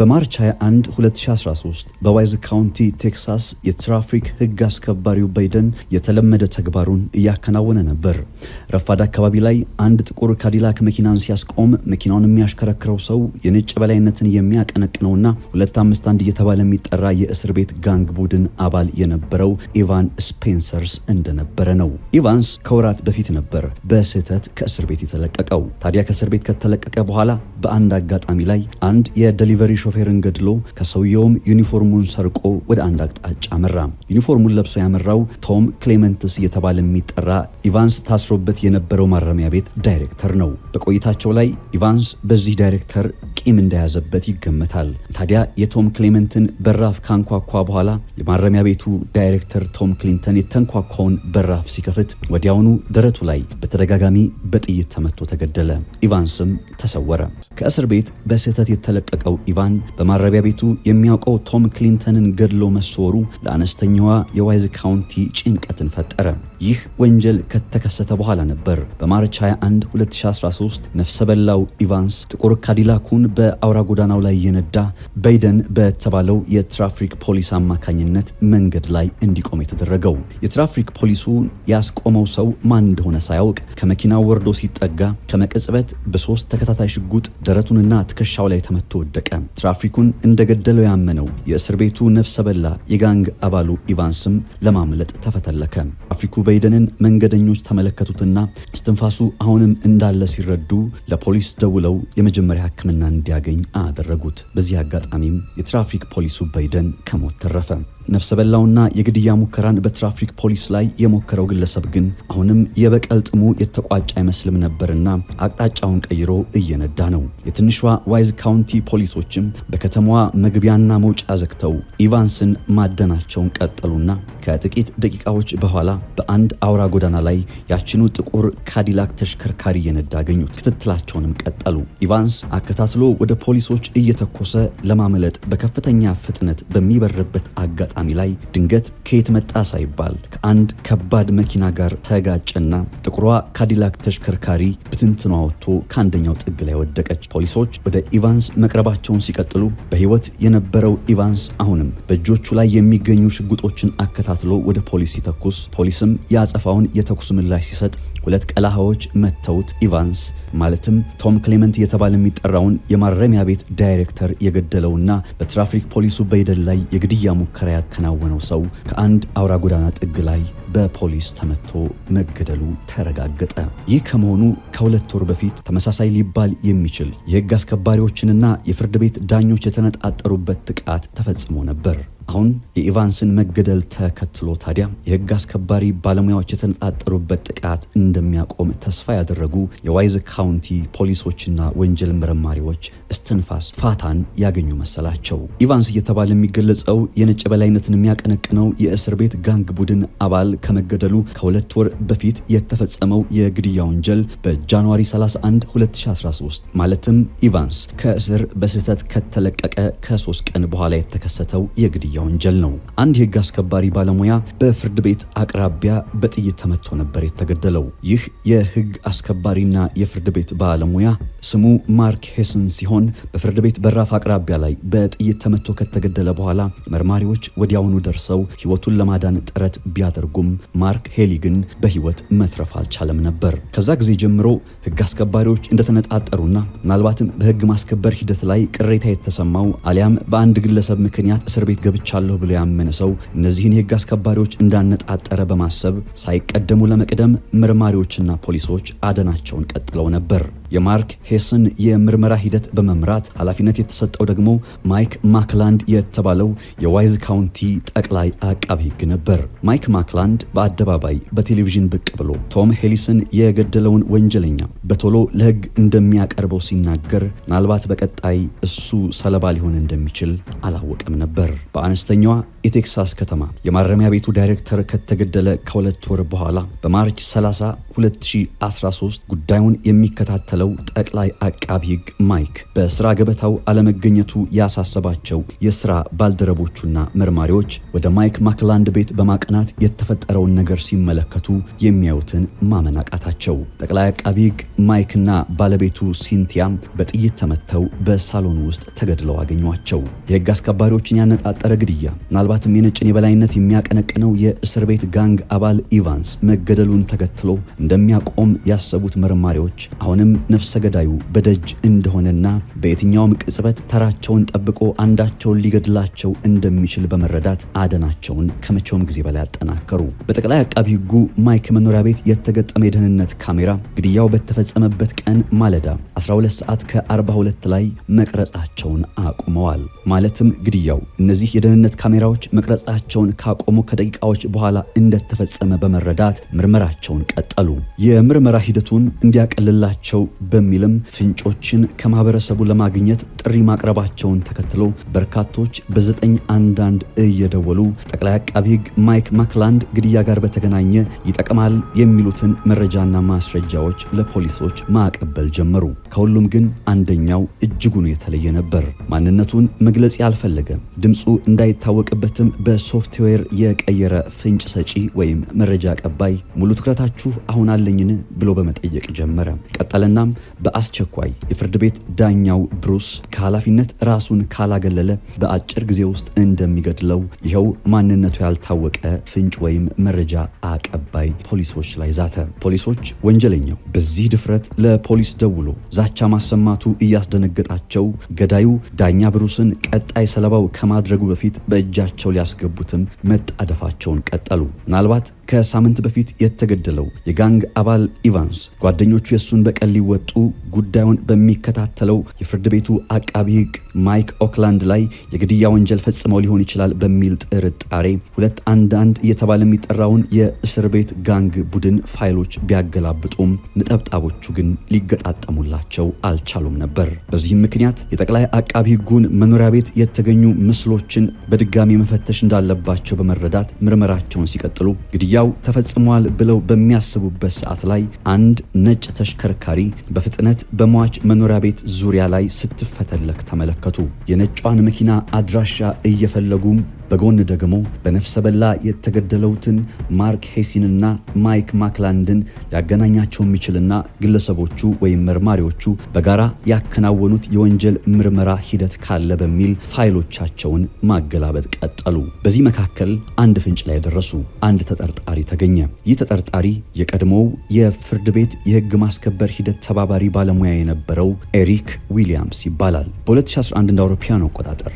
በማርች 21 2013 በዋይዝ ካውንቲ ቴክሳስ የትራፊክ ሕግ አስከባሪው በይደን የተለመደ ተግባሩን እያከናወነ ነበር። ረፋድ አካባቢ ላይ አንድ ጥቁር ካዲላክ መኪናን ሲያስቆም መኪናውን የሚያሽከረክረው ሰው የነጭ በላይነትን የሚያቀነቅነውና 251 እየተባለ የሚጠራ የእስር ቤት ጋንግ ቡድን አባል የነበረው ኢቫን ስፔንሰርስ እንደነበረ ነው። ኢቫንስ ከወራት በፊት ነበር በስህተት ከእስር ቤት የተለቀቀው። ታዲያ ከእስር ቤት ከተለቀቀ በኋላ በአንድ አጋጣሚ ላይ አንድ የደሊቨሪ ሾፌርን ገድሎ ከሰውየውም ዩኒፎርሙን ሰርቆ ወደ አንድ አቅጣጫ አመራ። ዩኒፎርሙን ለብሶ ያመራው ቶም ክሌመንትስ እየተባለ የሚጠራ ኢቫንስ ታስሮበት የነበረው ማረሚያ ቤት ዳይሬክተር ነው። በቆይታቸው ላይ ኢቫንስ በዚህ ዳይሬክተር ቂም እንደያዘበት ይገመታል። ታዲያ የቶም ክሌመንትን በራፍ ካንኳኳ በኋላ የማረሚያ ቤቱ ዳይሬክተር ቶም ክሊንተን የተንኳኳውን በራፍ ሲከፍት ወዲያውኑ ደረቱ ላይ በተደጋጋሚ በጥይት ተመቶ ተገደለ። ኢቫንስም ተሰወረ። ከእስር ቤት በስህተት የተለቀቀው ኢቫን በማረቢያ ቤቱ የሚያውቀው ቶም ክሊንተንን ገድሎ መሰወሩ ለአነስተኛዋ የዋይዝ ካውንቲ ጭንቀትን ፈጠረ። ይህ ወንጀል ከተከሰተ በኋላ ነበር በማርች 21 2013 ነፍሰ በላው ኢቫንስ ጥቁር ካዲላኩን በአውራ ጎዳናው ላይ የነዳ በይደን በተባለው የትራፊክ ፖሊስ አማካኝነት መንገድ ላይ እንዲቆም የተደረገው። የትራፊክ ፖሊሱን ያስቆመው ሰው ማን እንደሆነ ሳያውቅ ከመኪናው ወርዶ ሲጠጋ ከመቀጽበት በሶስት ተከታታይ ሽጉጥ ደረቱንና ትከሻው ላይ ተመቶ ወደቀ። ትራፊኩን እንደገደለው ያመነው የእስር ቤቱ ነፍሰ በላ የጋንግ አባሉ ኢቫንስም ለማምለጥ ተፈተለከ። ትራፊኩ በይደንን መንገደኞች ተመለከቱትና እስትንፋሱ አሁንም እንዳለ ሲረዱ ለፖሊስ ደውለው የመጀመሪያ ሕክምና እንዲያገኝ አደረጉት። በዚህ አጋጣሚም የትራፊክ ፖሊሱ በይደን ከሞት ተረፈ። ነፍሰ በላውና የግድያ ሙከራን በትራፊክ ፖሊስ ላይ የሞከረው ግለሰብ ግን አሁንም የበቀል ጥሙ የተቋጨ አይመስልም ነበርና አቅጣጫውን ቀይሮ እየነዳ ነው። የትንሿ ዋይዝ ካውንቲ ፖሊሶችም በከተማዋ መግቢያና መውጫ ዘግተው ኢቫንስን ማደናቸውን ቀጠሉና ከጥቂት ደቂቃዎች በኋላ በአንድ አውራ ጎዳና ላይ ያችኑ ጥቁር ካዲላክ ተሽከርካሪ እየነዳ አገኙት። ክትትላቸውንም ቀጠሉ። ኢቫንስ አከታትሎ ወደ ፖሊሶች እየተኮሰ ለማምለጥ በከፍተኛ ፍጥነት በሚበርበት አጋጣሚ አጋጣሚ ላይ ድንገት ከየት መጣ ሳይባል ከአንድ ከባድ መኪና ጋር ተጋጨና ጥቁሯ ካዲላክ ተሽከርካሪ ብትንትኗ ወጥቶ ከአንደኛው ጥግ ላይ ወደቀች። ፖሊሶች ወደ ኢቫንስ መቅረባቸውን ሲቀጥሉ በህይወት የነበረው ኢቫንስ አሁንም በእጆቹ ላይ የሚገኙ ሽጉጦችን አከታትሎ ወደ ፖሊስ ሲተኩስ፣ ፖሊስም የአጸፋውን የተኩስ ምላሽ ሲሰጥ ሁለት ቀላሃዎች መተውት ኢቫንስ ማለትም ቶም ክሌመንት እየተባለ የሚጠራውን የማረሚያ ቤት ዳይሬክተር የገደለውና በትራፊክ ፖሊሱ በይደል ላይ የግድያ ሙከራ ያከናወነው ሰው ከአንድ አውራ ጎዳና ጥግ ላይ በፖሊስ ተመቶ መገደሉ ተረጋገጠ። ይህ ከመሆኑ ከሁለት ወር በፊት ተመሳሳይ ሊባል የሚችል የህግ አስከባሪዎችንና የፍርድ ቤት ዳኞች የተነጣጠሩበት ጥቃት ተፈጽሞ ነበር። አሁን የኢቫንስን መገደል ተከትሎ ታዲያ የህግ አስከባሪ ባለሙያዎች የተነጣጠሩበት ጥቃት እንደሚያቆም ተስፋ ያደረጉ የዋይዝ ካውንቲ ፖሊሶችና ወንጀል መርማሪዎች እስትንፋስ ፋታን ያገኙ መሰላቸው። ኢቫንስ እየተባለ የሚገለጸው የነጭ በላይነትን የሚያቀነቅነው የእስር ቤት ጋንግ ቡድን አባል ከመገደሉ ከሁለት ወር በፊት የተፈጸመው የግድያ ወንጀል በጃንዋሪ 31 2013 ማለትም ኢቫንስ ከእስር በስህተት ከተለቀቀ ከሶስት ቀን በኋላ የተከሰተው የግድያ የሚያስጠያ ወንጀል ነው። አንድ የህግ አስከባሪ ባለሙያ በፍርድ ቤት አቅራቢያ በጥይት ተመቶ ነበር የተገደለው። ይህ የህግ አስከባሪና የፍርድ ቤት ባለሙያ ስሙ ማርክ ሄስን ሲሆን በፍርድ ቤት በራፍ አቅራቢያ ላይ በጥይት ተመቶ ከተገደለ በኋላ መርማሪዎች ወዲያውኑ ደርሰው ህይወቱን ለማዳን ጥረት ቢያደርጉም ማርክ ሄሊ ግን በህይወት መትረፍ አልቻለም ነበር። ከዛ ጊዜ ጀምሮ ህግ አስከባሪዎች እንደተነጣጠሩና ምናልባትም በህግ ማስከበር ሂደት ላይ ቅሬታ የተሰማው አሊያም በአንድ ግለሰብ ምክንያት እስር ቤት ገብቻ አጥቻለሁ ብሎ ያመነ ሰው እነዚህን የህግ አስከባሪዎች እንዳነጣጠረ በማሰብ ሳይቀደሙ ለመቅደም ምርማሪዎችና ፖሊሶች አደናቸውን ቀጥለው ነበር። የማርክ ሄስን የምርመራ ሂደት በመምራት ኃላፊነት የተሰጠው ደግሞ ማይክ ማክላንድ የተባለው የዋይዝ ካውንቲ ጠቅላይ አቃቢ ሕግ ነበር። ማይክ ማክላንድ በአደባባይ በቴሌቪዥን ብቅ ብሎ ቶም ሄሊስን የገደለውን ወንጀለኛ በቶሎ ለሕግ እንደሚያቀርበው ሲናገር ምናልባት በቀጣይ እሱ ሰለባ ሊሆን እንደሚችል አላወቀም ነበር። በአነስተኛዋ የቴክሳስ ከተማ የማረሚያ ቤቱ ዳይሬክተር ከተገደለ ከሁለት ወር በኋላ በማርች 30 2013 ጉዳዩን የሚከታተለው ጠቅላይ አቃቢ ሕግ ማይክ በስራ ገበታው አለመገኘቱ ያሳሰባቸው የስራ ባልደረቦቹና መርማሪዎች ወደ ማይክ ማክላንድ ቤት በማቅናት የተፈጠረውን ነገር ሲመለከቱ የሚያዩትን ማመን አቃታቸው። ጠቅላይ አቃቢ ሕግ ማይክና ባለቤቱ ሲንቲያም በጥይት ተመተው በሳሎን ውስጥ ተገድለው አገኟቸው። የህግ አስከባሪዎችን ያነጣጠረ ግድያ ምናልባትም የነጭን የበላይነት የሚያቀነቅነው የእስር ቤት ጋንግ አባል ኢቫንስ መገደሉን ተከትሎ እንደሚያቆም ያሰቡት መርማሪዎች አሁንም ነፍሰ ገዳዩ በደጅ እንደሆነና በየትኛውም ቅጽበት ተራቸውን ጠብቆ አንዳቸውን ሊገድላቸው እንደሚችል በመረዳት አደናቸውን ከመቼውም ጊዜ በላይ አጠናከሩ። በጠቅላይ አቃቢ ሕጉ ማይክ መኖሪያ ቤት የተገጠመ የደህንነት ካሜራ ግድያው በተፈጸመበት ቀን ማለዳ 12 ሰዓት ከ42 ላይ መቅረጻቸውን አቁመዋል። ማለትም ግድያው እነዚህ የደህንነት ካሜራዎች ሰዎች መቅረጻቸውን ካቆሙ ከደቂቃዎች በኋላ እንደተፈጸመ በመረዳት ምርመራቸውን ቀጠሉ። የምርመራ ሂደቱን እንዲያቀልላቸው በሚልም ፍንጮችን ከማህበረሰቡ ለማግኘት ጥሪ ማቅረባቸውን ተከትሎ በርካቶች በዘጠኝ አንዳንድ እየደወሉ ጠቅላይ አቃቢ ሕግ ማይክ ማክላንድ ግድያ ጋር በተገናኘ ይጠቅማል የሚሉትን መረጃና ማስረጃዎች ለፖሊሶች ማቀበል ጀመሩ። ከሁሉም ግን አንደኛው እጅጉን የተለየ ነበር። ማንነቱን መግለጽ ያልፈለገ ድምፁ እንዳይታወቅበት ያለበትም በሶፍትዌር የቀየረ ፍንጭ ሰጪ ወይም መረጃ አቀባይ ሙሉ ትኩረታችሁ አሁን አለኝን ብሎ በመጠየቅ ጀመረ። ቀጠለናም በአስቸኳይ የፍርድ ቤት ዳኛው ብሩስ ከኃላፊነት ራሱን ካላገለለ በአጭር ጊዜ ውስጥ እንደሚገድለው ይኸው ማንነቱ ያልታወቀ ፍንጭ ወይም መረጃ አቀባይ ፖሊሶች ላይ ዛተ። ፖሊሶች ወንጀለኛው በዚህ ድፍረት ለፖሊስ ደውሎ ዛቻ ማሰማቱ እያስደነገጣቸው ገዳዩ ዳኛ ብሩስን ቀጣይ ሰለባው ከማድረጉ በፊት በእጃቸው እጃቸው ሊያስገቡትም መጣደፋቸውን ቀጠሉ። ምናልባት ከሳምንት በፊት የተገደለው የጋንግ አባል ኢቫንስ ጓደኞቹ የእሱን በቀል ሊወጡ ጉዳዩን በሚከታተለው የፍርድ ቤቱ አቃቢ ሕግ ማይክ ኦክላንድ ላይ የግድያ ወንጀል ፈጽመው ሊሆን ይችላል በሚል ጥርጣሬ ሁለት አንድ አንድ እየተባለ የሚጠራውን የእስር ቤት ጋንግ ቡድን ፋይሎች ቢያገላብጡም ነጠብጣቦቹ ግን ሊገጣጠሙላቸው አልቻሉም ነበር። በዚህም ምክንያት የጠቅላይ አቃቢ ሕጉን መኖሪያ ቤት የተገኙ ምስሎችን በድጋሚ መፈተሽ እንዳለባቸው በመረዳት ምርመራቸውን ሲቀጥሉ ግድያው ተፈጽሟል ብለው በሚያስቡበት ሰዓት ላይ አንድ ነጭ ተሽከርካሪ በፍጥነት በሟች መኖሪያ ቤት ዙሪያ ላይ ስትፈተለክ ተመለከቱ። የነጯን መኪና አድራሻ እየፈለጉም በጎን ደግሞ በነፍሰ በላ የተገደለውትን ማርክ ሄሲንና ማይክ ማክላንድን ሊያገናኛቸው የሚችልና ግለሰቦቹ ወይም መርማሪዎቹ በጋራ ያከናወኑት የወንጀል ምርመራ ሂደት ካለ በሚል ፋይሎቻቸውን ማገላበጥ ቀጠሉ። በዚህ መካከል አንድ ፍንጭ ላይ ደረሱ። አንድ ተጠርጣሪ ተገኘ። ይህ ተጠርጣሪ የቀድሞው የፍርድ ቤት የህግ ማስከበር ሂደት ተባባሪ ባለሙያ የነበረው ኤሪክ ዊሊያምስ ይባላል። በ2011 እንደ አውሮፓውያን አቆጣጠር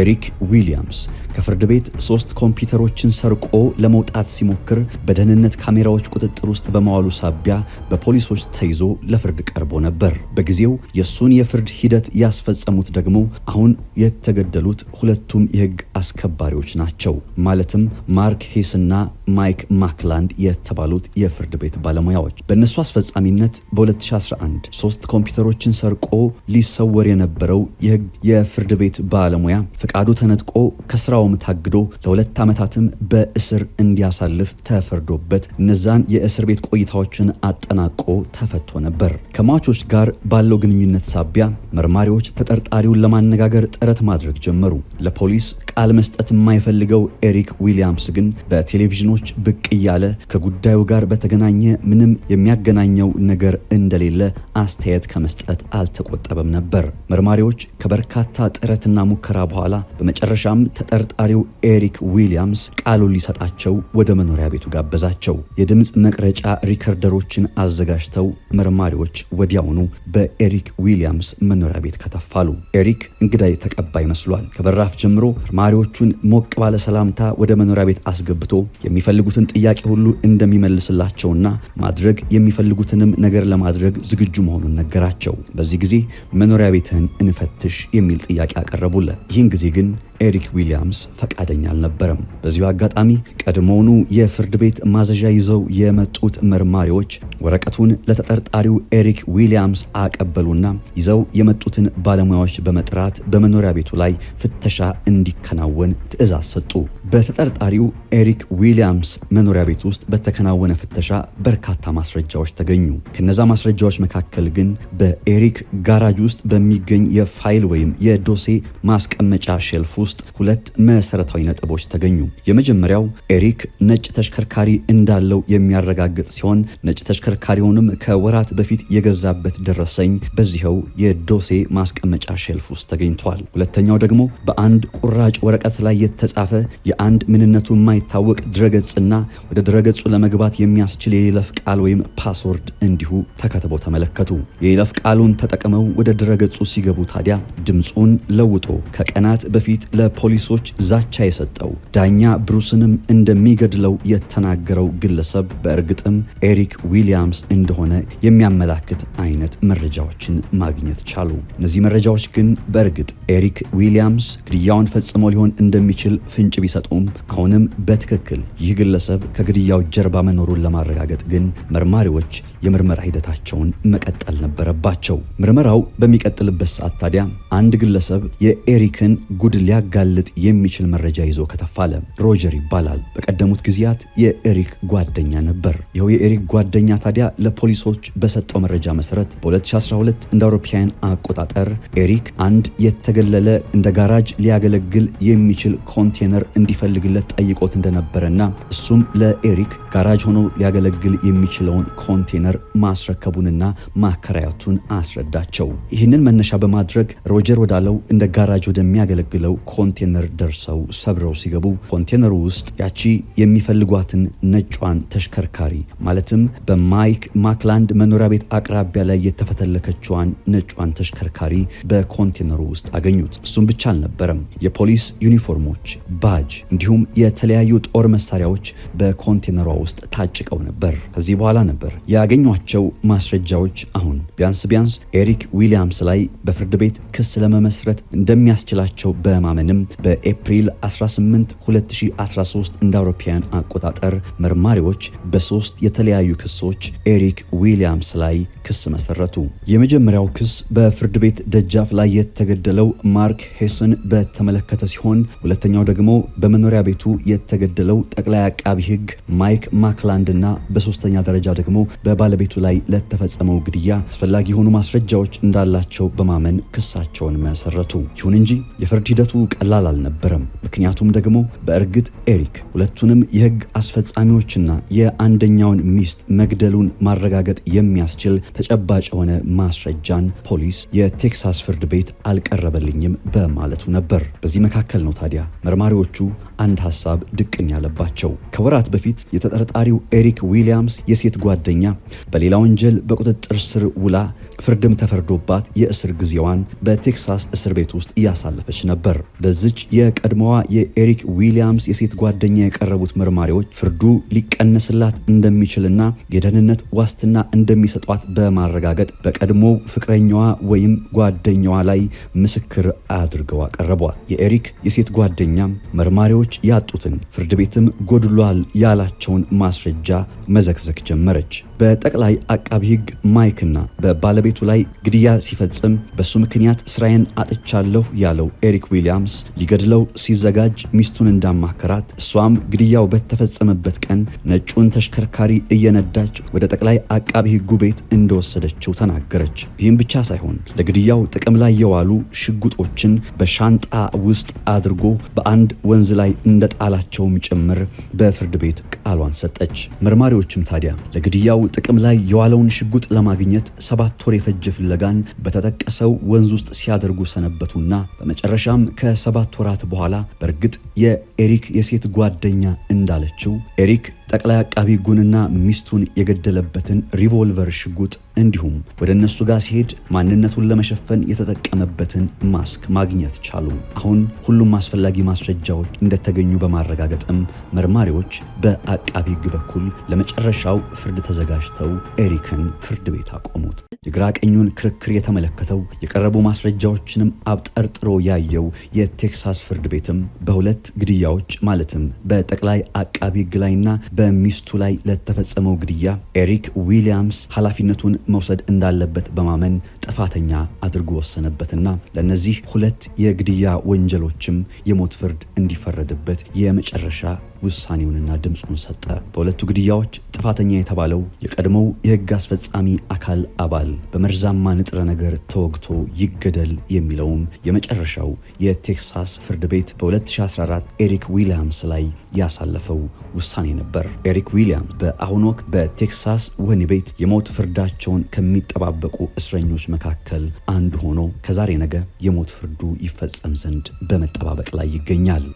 ኤሪክ ዊሊያምስ ከፍርድ ቤት ሶስት ኮምፒውተሮችን ሰርቆ ለመውጣት ሲሞክር በደህንነት ካሜራዎች ቁጥጥር ውስጥ በመዋሉ ሳቢያ በፖሊሶች ተይዞ ለፍርድ ቀርቦ ነበር። በጊዜው የእሱን የፍርድ ሂደት ያስፈጸሙት ደግሞ አሁን የተገደሉት ሁለቱም የህግ አስከባሪዎች ናቸው። ማለትም ማርክ ሄስና ማይክ ማክላንድ የተባሉት የፍርድ ቤት ባለሙያዎች በእነሱ አስፈጻሚነት በ2011 ሶስት ኮምፒውተሮችን ሰርቆ ሊሰወር የነበረው የህግ የፍርድ ቤት ባለሙያ ፈቃዱ ተነጥቆ ከስራውም ታግዶ ለሁለት ዓመታትም በእስር እንዲያሳልፍ ተፈርዶበት እነዛን የእስር ቤት ቆይታዎችን አጠናቆ ተፈቶ ነበር። ከሟቾች ጋር ባለው ግንኙነት ሳቢያ መርማሪዎች ተጠርጣሪውን ለማነጋገር ጥረት ማድረግ ጀመሩ። ለፖሊስ ቃል መስጠት የማይፈልገው ኤሪክ ዊሊያምስ ግን በቴሌቪዥኖች ሰዎች ብቅ እያለ ከጉዳዩ ጋር በተገናኘ ምንም የሚያገናኘው ነገር እንደሌለ አስተያየት ከመስጠት አልተቆጠበም ነበር። መርማሪዎች ከበርካታ ጥረትና ሙከራ በኋላ በመጨረሻም ተጠርጣሪው ኤሪክ ዊሊያምስ ቃሉን ሊሰጣቸው ወደ መኖሪያ ቤቱ ጋበዛቸው። የድምፅ መቅረጫ ሪከርደሮችን አዘጋጅተው መርማሪዎች ወዲያውኑ በኤሪክ ዊሊያምስ መኖሪያ ቤት ከተፋሉ። ኤሪክ እንግዳይ ተቀባይ መስሏል። ከበራፍ ጀምሮ መርማሪዎቹን ሞቅ ባለ ሰላምታ ወደ መኖሪያ ቤት አስገብቶ የሚፈ የሚፈልጉትን ጥያቄ ሁሉ እንደሚመልስላቸውና ማድረግ የሚፈልጉትንም ነገር ለማድረግ ዝግጁ መሆኑን ነገራቸው። በዚህ ጊዜ መኖሪያ ቤትህን እንፈትሽ የሚል ጥያቄ አቀረቡለት። ይህን ጊዜ ግን ኤሪክ ዊሊያምስ ፈቃደኛ አልነበረም። በዚሁ አጋጣሚ ቀድሞውኑ የፍርድ ቤት ማዘዣ ይዘው የመጡት መርማሪዎች ወረቀቱን ለተጠርጣሪው ኤሪክ ዊሊያምስ አቀበሉና ይዘው የመጡትን ባለሙያዎች በመጥራት በመኖሪያ ቤቱ ላይ ፍተሻ እንዲከናወን ትዕዛዝ ሰጡ። በተጠርጣሪው ኤሪክ ዊሊያምስ መኖሪያ ቤት ውስጥ በተከናወነ ፍተሻ በርካታ ማስረጃዎች ተገኙ። ከነዛ ማስረጃዎች መካከል ግን በኤሪክ ጋራጅ ውስጥ በሚገኝ የፋይል ወይም የዶሴ ማስቀመጫ ሼልፍ ውስጥ ሁለት መሰረታዊ ነጥቦች ተገኙ። የመጀመሪያው ኤሪክ ነጭ ተሽከርካሪ እንዳለው የሚያረጋግጥ ሲሆን ነጭ ተሽከርካሪውንም ከወራት በፊት የገዛበት ደረሰኝ በዚኸው የዶሴ ማስቀመጫ ሼልፍ ውስጥ ተገኝቷል። ሁለተኛው ደግሞ በአንድ ቁራጭ ወረቀት ላይ የተጻፈ የአንድ ምንነቱ የማይታወቅ ድረገጽና ወደ ድረገጹ ለመግባት የሚያስችል የይለፍ ቃል ወይም ፓስወርድ እንዲሁ ተከትቦ ተመለከቱ። የይለፍ ቃሉን ተጠቅመው ወደ ድረገጹ ሲገቡ ታዲያ ድምፁን ለውጦ ከቀናት በፊት ለፖሊሶች ዛቻ የሰጠው ዳኛ ብሩስንም እንደሚገድለው የተናገረው ግለሰብ በእርግጥም ኤሪክ ዊሊያምስ እንደሆነ የሚያመላክት አይነት መረጃዎችን ማግኘት ቻሉ። እነዚህ መረጃዎች ግን በእርግጥ ኤሪክ ዊሊያምስ ግድያውን ፈጽሞ ሊሆን እንደሚችል ፍንጭ ቢሰጡም አሁንም በትክክል ይህ ግለሰብ ከግድያው ጀርባ መኖሩን ለማረጋገጥ ግን መርማሪዎች የምርመራ ሂደታቸውን መቀጠል ነበረባቸው። ምርመራው በሚቀጥልበት ሰዓት ታዲያ አንድ ግለሰብ የኤሪክን ጉድ ሊያ ሊያጋልጥ የሚችል መረጃ ይዞ ከተፋለ ሮጀር ይባላል። በቀደሙት ጊዜያት የኤሪክ ጓደኛ ነበር። ይኸው የኤሪክ ጓደኛ ታዲያ ለፖሊሶች በሰጠው መረጃ መሰረት በ2012 እንደ አውሮፓውያን አቆጣጠር ኤሪክ አንድ የተገለለ እንደ ጋራጅ ሊያገለግል የሚችል ኮንቴነር እንዲፈልግለት ጠይቆት እንደነበረና እሱም ለኤሪክ ጋራጅ ሆኖ ሊያገለግል የሚችለውን ኮንቴነር ማስረከቡንና ማከራያቱን አስረዳቸው። ይህንን መነሻ በማድረግ ሮጀር ወዳለው እንደ ጋራጅ ወደሚያገለግለው ኮንቴነር ደርሰው ሰብረው ሲገቡ ኮንቴነሩ ውስጥ ያቺ የሚፈልጓትን ነጯን ተሽከርካሪ ማለትም በማይክ ማክላንድ መኖሪያ ቤት አቅራቢያ ላይ የተፈተለከችዋን ነጯን ተሽከርካሪ በኮንቴነሩ ውስጥ አገኙት። እሱም ብቻ አልነበረም። የፖሊስ ዩኒፎርሞች፣ ባጅ እንዲሁም የተለያዩ ጦር መሳሪያዎች በኮንቴነሯ ውስጥ ታጭቀው ነበር። ከዚህ በኋላ ነበር ያገኟቸው ማስረጃዎች አሁን ቢያንስ ቢያንስ ኤሪክ ዊሊያምስ ላይ በፍርድ ቤት ክስ ለመመስረት እንደሚያስችላቸው በማመ ዘመንም በኤፕሪል 18 2013 እንደ አውሮፓውያን አቆጣጠር መርማሪዎች በሶስት የተለያዩ ክሶች ኤሪክ ዊሊያምስ ላይ ክስ መሰረቱ። የመጀመሪያው ክስ በፍርድ ቤት ደጃፍ ላይ የተገደለው ማርክ ሄስን በተመለከተ ሲሆን ሁለተኛው ደግሞ በመኖሪያ ቤቱ የተገደለው ጠቅላይ አቃቢ ሕግ ማይክ ማክላንድ እና በሶስተኛ ደረጃ ደግሞ በባለቤቱ ላይ ለተፈጸመው ግድያ አስፈላጊ የሆኑ ማስረጃዎች እንዳላቸው በማመን ክሳቸውን መሰረቱ። ይሁን እንጂ የፍርድ ሂደቱ ቀላል አልነበረም። ምክንያቱም ደግሞ በእርግጥ ኤሪክ ሁለቱንም የህግ አስፈጻሚዎችና የአንደኛውን ሚስት መግደሉን ማረጋገጥ የሚያስችል ተጨባጭ የሆነ ማስረጃን ፖሊስ የቴክሳስ ፍርድ ቤት አልቀረበልኝም በማለቱ ነበር። በዚህ መካከል ነው ታዲያ መርማሪዎቹ አንድ ሀሳብ ድቅን ያለባቸው። ከወራት በፊት የተጠርጣሪው ኤሪክ ዊሊያምስ የሴት ጓደኛ በሌላ ወንጀል በቁጥጥር ስር ውላ ፍርድም ተፈርዶባት የእስር ጊዜዋን በቴክሳስ እስር ቤት ውስጥ እያሳለፈች ነበር። ለዚች የቀድሞዋ የኤሪክ ዊሊያምስ የሴት ጓደኛ የቀረቡት መርማሪዎች ፍርዱ ሊቀነስላት እንደሚችልና የደህንነት ዋስትና እንደሚሰጧት በማረጋገጥ በቀድሞ ፍቅረኛዋ ወይም ጓደኛዋ ላይ ምስክር አድርገው አቀረቧል። የኤሪክ የሴት ጓደኛ መርማሪዎች ሰዎች ያጡትን ፍርድ ቤትም ጎድሏል ያላቸውን ማስረጃ መዘክዘክ ጀመረች። በጠቅላይ አቃቢ ህግ ማይክና በባለቤቱ ላይ ግድያ ሲፈጽም በሱ ምክንያት ስራዬን አጥቻለሁ ያለው ኤሪክ ዊሊያምስ ሊገድለው ሲዘጋጅ ሚስቱን እንዳማከራት እሷም ግድያው በተፈጸመበት ቀን ነጩን ተሽከርካሪ እየነዳች ወደ ጠቅላይ አቃቢ ህጉ ቤት እንደወሰደችው ተናገረች። ይህም ብቻ ሳይሆን ለግድያው ጥቅም ላይ የዋሉ ሽጉጦችን በሻንጣ ውስጥ አድርጎ በአንድ ወንዝ ላይ እንደጣላቸውም ጭምር በፍርድ ቤት ቃሏን ሰጠች። መርማሪዎችም ታዲያ ለግድያው ጥቅም ላይ የዋለውን ሽጉጥ ለማግኘት ሰባት ወር የፈጀ ፍለጋን በተጠቀሰው ወንዝ ውስጥ ሲያደርጉ ሰነበቱና በመጨረሻም ከሰባት ወራት በኋላ በእርግጥ የኤሪክ የሴት ጓደኛ እንዳለችው ኤሪክ ጠቅላይ አቃቢ ጉንና ሚስቱን የገደለበትን ሪቮልቨር ሽጉጥ እንዲሁም ወደ እነሱ ጋር ሲሄድ ማንነቱን ለመሸፈን የተጠቀመበትን ማስክ ማግኘት ቻሉ። አሁን ሁሉም አስፈላጊ ማስረጃዎች እንደተገኙ በማረጋገጥም መርማሪዎች በአቃቢ ሕግ በኩል ለመጨረሻው ፍርድ ተዘጋጅተው ኤሪክን ፍርድ ቤት አቆሙት። የግራ ቀኙን ክርክር የተመለከተው የቀረቡ ማስረጃዎችንም አብጠርጥሮ ያየው የቴክሳስ ፍርድ ቤትም በሁለት ግድያዎች ማለትም በጠቅላይ አቃቢ ሕግ ላይና በሚስቱ ላይ ለተፈጸመው ግድያ ኤሪክ ዊሊያምስ ኃላፊነቱን መውሰድ እንዳለበት በማመን ጥፋተኛ አድርጎ ወሰነበትና ለእነዚህ ሁለት የግድያ ወንጀሎችም የሞት ፍርድ እንዲፈረድበት የመጨረሻ ውሳኔውንና ድምፁን ሰጠ። በሁለቱ ግድያዎች ጥፋተኛ የተባለው የቀድሞው የሕግ አስፈጻሚ አካል አባል ይገደል፣ በመርዛማ ንጥረ ነገር ተወግቶ ይገደል የሚለውም የመጨረሻው የቴክሳስ ፍርድ ቤት በ2014 ኤሪክ ዊሊያምስ ላይ ያሳለፈው ውሳኔ ነበር። ኤሪክ ዊሊያምስ በአሁኑ ወቅት በቴክሳስ ወህኒ ቤት የሞት ፍርዳቸውን ከሚጠባበቁ እስረኞች መካከል አንዱ ሆኖ ከዛሬ ነገ የሞት ፍርዱ ይፈጸም ዘንድ በመጠባበቅ ላይ ይገኛል።